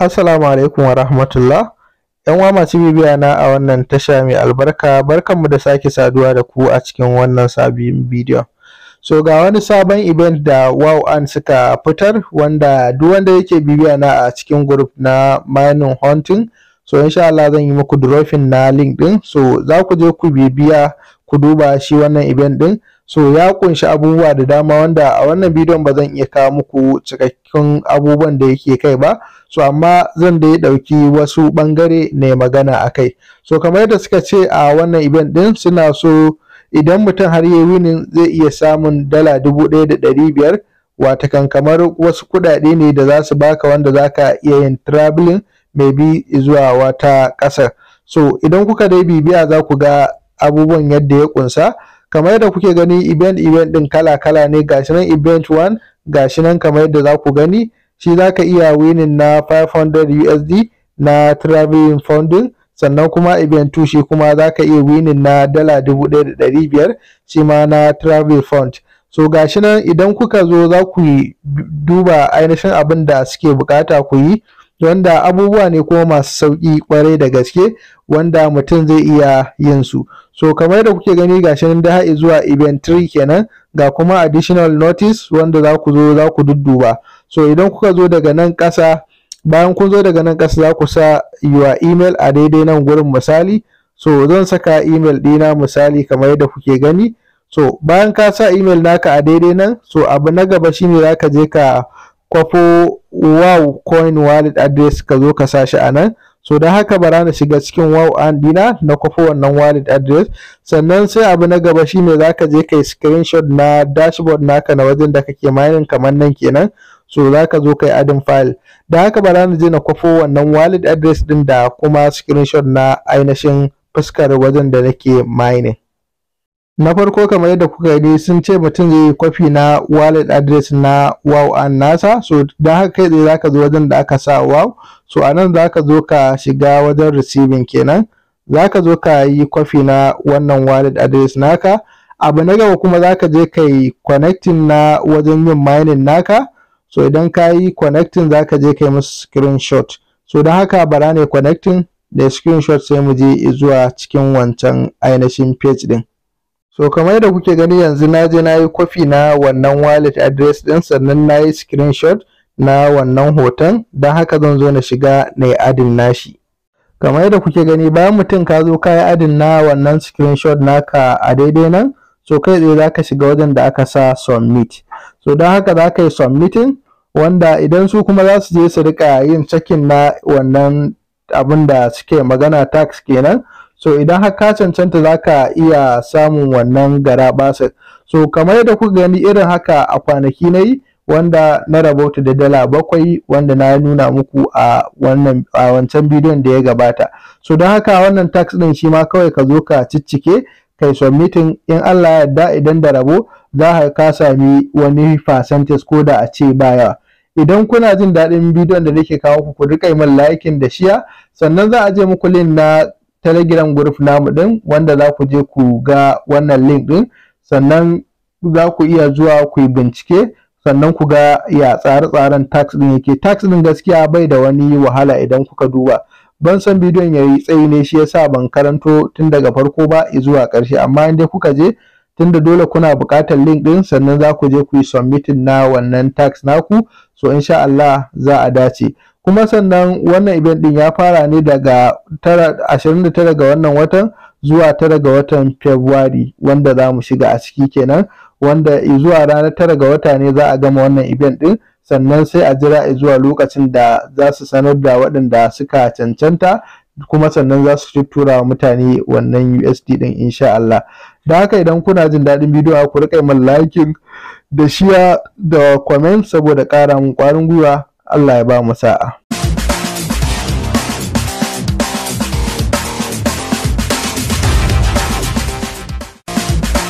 Assalamu alaikum wa rahmatullah. ‘Yan uwa masu bibiya na a wannan tasha mai albarka, barkanmu da sake saduwa da ku a cikin wannan sabon bidiyon. So ga wani sabon event da Wow An suka fitar wanda duk wanda yake bibiya na a cikin group na mining hunting. So insha Allah zan yi muku dropping na link din. So za ku je ku bibiya ku duba shi wannan event din. so ya kunshi abubuwa da dama wanda a wannan bidiyon ba zan iya kawo muku cikakkun abubuwan da yake kai ba so amma zan dai ɗauki wasu bangare ne magana a kai. so kamar yadda suka ce a wannan event din suna so idan mutum har yi winin zai iya samun dala dubu ɗaya da ɗari biyar watakan kamar wasu kuɗaɗe ne da za su baka wanda za ka iya yin traveling maybe zuwa wata ƙasar so idan kuka dai bibiya za ku ga abubuwan yadda ya kunsa kamar yadda kuke gani event event din kala kala ne gashi nan event 1 gashi nan kamar yadda za ku gani shi za ka iya winning na 500 USD na traveling funding sannan kuma event 2 shi kuma za ka iya winning na dala 1500 shi ma na travel fund so gashi nan idan kuka zo za ku duba ainihin abin da suke bukata ku yi wanda abubuwa ne kuma masu sauƙi ƙwarai da gaske wanda mutum zai iya yin su so kamar da kuke gani ga nan da haɗe zuwa event 3 kenan ga kuma additional notice wanda za ku zo za ku dudduba so idan kuka zo daga nan ƙasa bayan kun zo daga nan ƙasa za ku sa your email a daidai nan gurin misali so zan saka email ɗina misali kamar yadda kuke gani so bayan ka sa email naka a daidai nan so abu na gaba shine zaka je ka kwafo wow coin wallet address ka zo ka sa shi a nan so don haka bara na shiga cikin wow an na kwafo wannan wallet address sannan sai abu na gaba shine za ka je ka yi screenshot na dashboard naka na wajen da kake mining kamar nan kenan so za ka zo ka yi adin file da haka bara na je na kwafo wannan wallet address din da kuma screenshot na ainihin fuskar wajen da nake mining na farko kamar yadda kuka gani sun ce mutum zai yi kwafi na wallet address na wow an nasa so don haka kai tsaye zaka zo wajen da aka sa wow so a nan zaka zo ka shiga wajen receiving kenan zaka zo ka yi kwafi na wannan wallet address naka abu na gaba kuma zaka je ka yi connecting na wajen yin mining naka so idan ka yi connecting zaka je ka yi musu screenshot so don haka bara ne connecting da screenshot sai mu je zuwa cikin wancan ainihin page din so kamar yadda kuke gani yanzu na je na yi kwafi na wannan wallet address din sannan na yi screenshot na wannan hoton don haka zan zo na shiga na yi adin nashi kamar yadda kuke gani bayan mutum ka zo ka yi adin na wannan screenshot naka a daidai nan so kai tsaye za ka shiga wajen da aka sa submit so don haka za ka yi submitin, wanda idan su kuma za su je su rika yin cakin na wannan abin da suke magana tax kenan so idan har ka cancanta za ka iya samun wannan gara basa so kamar yadda kuka gani irin haka a kwanaki na yi wanda na rabauta da dala bakwai wanda na nuna muku a wannan a wancan bidiyon da ya gabata so don haka wannan tax din shi ma kawai ka zo ka ciccike kai submitting in Allah ya yarda idan da rabo za ka ka sami wani percentage ko da a ce baya idan kuna jin daɗin bidiyon da nake kawo ku ku rika yi min da shiya sannan za a je muku link na telegram group namu din wanda za ku je ku ga wannan link din sannan za ku iya zuwa ku yi bincike sannan ku ga ya tsare-tsaren tax din yake tax din gaskiya bai da wani wahala idan kuka duba ban san bidiyon ya yi tsayi ne shi yasa ban karanto tun daga farko ba zuwa karshe amma inda kuka je tunda dole kuna buƙatar link din sannan za ku je ku yi submitting na wannan tax naku so insha Allah za a dace kuma sannan wannan event din ya fara ne daga 29 ga wannan watan zuwa 9 ga watan February wanda za mu shiga a ciki kenan wanda zuwa ranar 9 ga wata ne za a gama wannan event din sannan sai a jira zuwa lokacin da za su sanar da waɗanda suka cancanta kuma sannan za su tura wa mutane wannan USD din insha Allah da haka idan kuna jin daɗin bidiyo ku yi mallakin da shiya da comment saboda ƙara mun ƙwarin gwiwa Allah ya ba mu sa'a